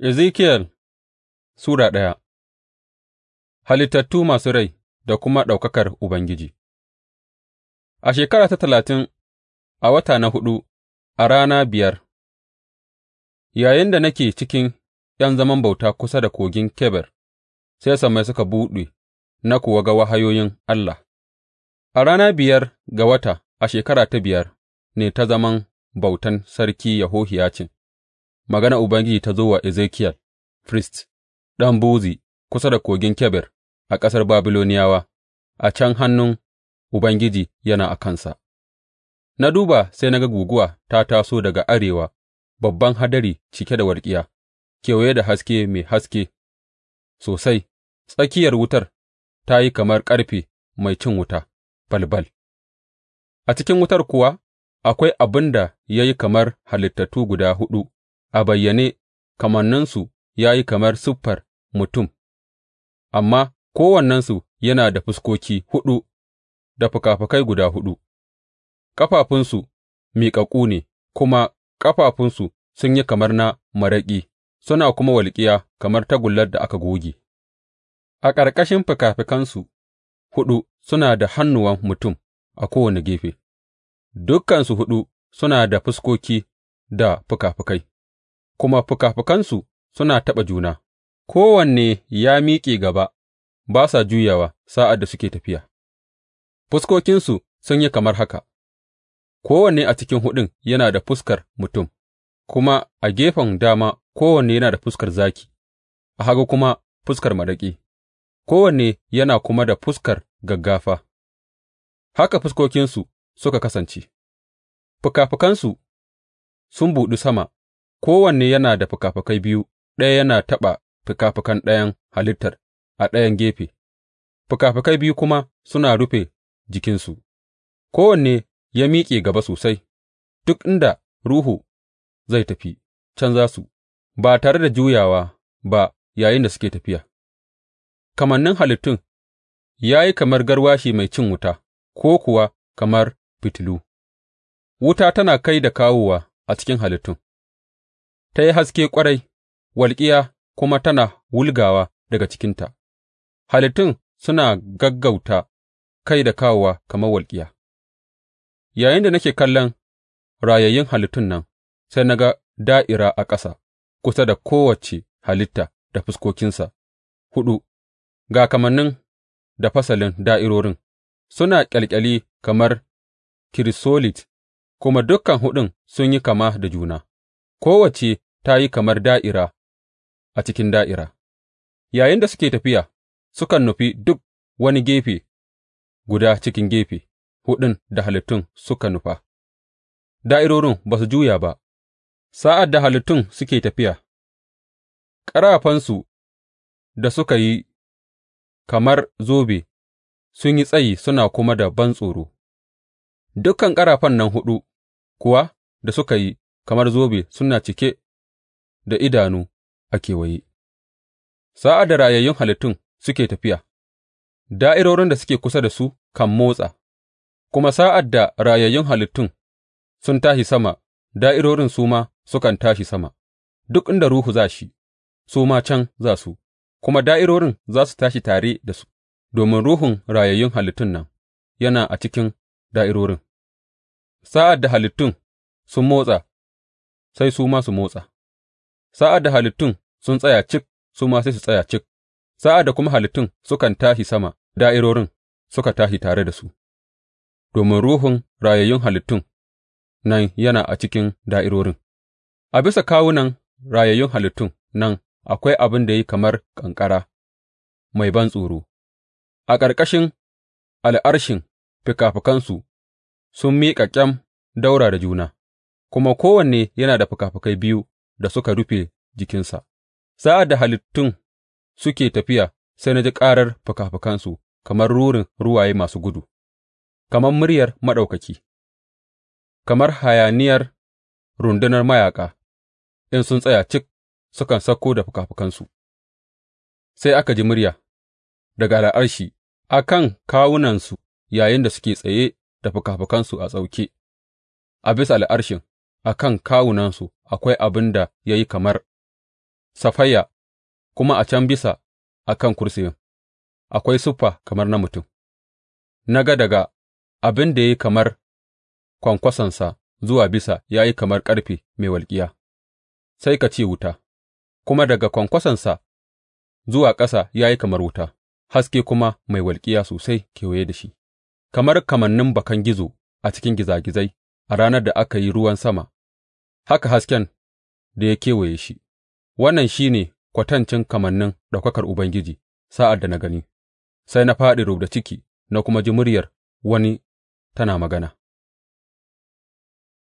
Ezekiyel Sura ɗaya. Halittattu masu rai da kuma ɗaukakar Ubangiji A shekara ta talatin, a wata na huɗu, a rana biyar, Yayin da nake cikin ’yan zaman bauta kusa da kogin keber sai Samai suka buɗe na kuwa ga wahayoyin Allah. A rana biyar ga wata, a shekara ta biyar ne ta zaman bautan Sarki Yahohiyacin. maganar Ubangiji ta zo wa Ezekiyel, firist, ɗan Buzi, kusa da kogin Keber a ƙasar Babiloniyawa, a can hannun Ubangiji yana a kansa. Na duba sai na ga guguwa ta taso daga arewa, babban hadari cike da walƙiya, kewaye da haske mai haske sosai, tsakiyar wutar ta yi kamar ƙarfe mai cin wuta, balbal. A cikin wutar kuwa akwai abin da ya yi kamar halittatu guda huɗu a bayyane kamanninsu ya yi kamar siffar mutum, amma kowannensu yana da fuskoki huɗu da fikafikai guda huɗu, ƙafafunsu miƙaƙƙu ne kuma ƙafafunsu sun yi kamar na maraƙi, suna kuma walƙiya kamar tagullar da aka goge. A ƙarƙashin fikafikansu huɗu suna da hannuwan mutum a kowane gefe, dukansu huɗu suna da fuskoki da fikafikai. kuma fikafikansu suna taɓa juna; kowanne ya miƙe gaba, ba sa juyawa sa'ad da suke tafiya, fuskokinsu sun yi kamar haka, kowanne a cikin huɗun yana da fuskar mutum, kuma a gefen dama kowanne yana da fuskar zaki, a hagu kuma fuskar maraƙi, kowanne yana kuma da fuskar gaggafa. Haka fuskokinsu suka kasance, fikafikansu sun buɗu sama kowanne yana da fikafikai biyu, ɗaya yana taɓa fikafikan ɗayan halittar a ɗayan gefe, fikafikai biyu kuma suna rufe jikinsu, kowanne ya miƙe gaba sosai, duk inda ruhu zai tafi, can za su, ba tare da juyawa ba da suke tafiya. Kamannin halittun ya yi kamar garwashi mai cin wuta, ko kuwa kamar fitilu, wuta tana kai da kawowa a cikin halittun. ta yi haske ƙwarai, walƙiya kuma tana wulgawa daga cikinta, halittun suna gaggauta kai da kawowa kamar walƙiya. da nake kallon rayayyun halittun nan, sai na ga da'ira a ƙasa, kusa da kowace halitta da fuskokinsa huɗu, ga kamannin da fasalin da'irorin, suna ƙyalƙyali kamar kirisolit, kuma dukkan huɗun sun yi kama da juna, kowace ta yi kamar da'ira a cikin da'ira, yayinda suke tafiya, sukan nufi duk wani gefe guda cikin gefe huɗun da halittun suka nufa, da'irorin ba su juya ba, sa'ad da halittun suke tafiya, ƙarafansu da suka yi kamar zobe sun yi tsayi suna kuma da ban tsoro. dukan ƙarafan nan huɗu kuwa da suka yi kamar zobe suna cike da idanu a kewaye, sa'ad da rayayyun halittun suke tafiya, da'irorin da suke kusa da su kan motsa, kuma sa'ad da rayayyun halittun sun tashi sama, da'irorin su ma sukan tashi sama, duk inda ruhu za shi, su ma can za su, kuma da'irorin za su tashi tare da su, domin ruhun rayayyun halittun nan yana a cikin da'irorin. Sa'ad da halittun sun motsa, sai su ma su motsa. Sa'ad da halittun sun tsaya cik, su ma sai su tsaya cik; sa'ad da kuma halittun sukan tashi sama, da'irorin suka tashi tare da su, domin ruhun rayayyun halittun nan yana a cikin da'irorin, a bisa kawunan rayayyun halittun nan akwai abin da ya yi kamar ƙanƙara mai ban bantsoro, a ƙarƙashin al'arshin fikafikansu sun miƙa ƙyam daura da juna, kuma kowanne yana da fikafikai biyu da suka rufe jikinsa, sa'ad da halittun suke tafiya, sai na ji ƙarar fikafikansu kamar rurin ruwaye masu gudu, kamar muryar maɗaukaki, kamar hayaniyar rundunar mayaƙa, in sun tsaya cik sukan sauko da fikafikansu. Sai aka ji murya daga al'arshi a kan kawunansu da suke tsaye da fikafikansu a tsauke a bisa al'arshin a kan kawunansu akwai abin da ya yi kamar safaya kuma a can bisa a kan kursiyin akwai siffa kamar na mutum, na ga daga abin da ya yi kamar kwankwasonsa zuwa bisa ya yi kamar ƙarfe mai walƙiya, sai ka ce wuta, kuma daga kwankwasonsa zuwa ƙasa ya yi kamar wuta, haske kuma mai walƙiya sosai kewaye da shi, kamar kamannin bakan gizo a cikin gizagizai a ranar da aka yi ruwan sama haka hasken da ya kewaye shi, wannan shi ne kwatancin kamannin ɗaukakar Ubangiji sa'ad da na gani, sai na fāɗi rubda ciki na kuma ji muryar wani tana magana.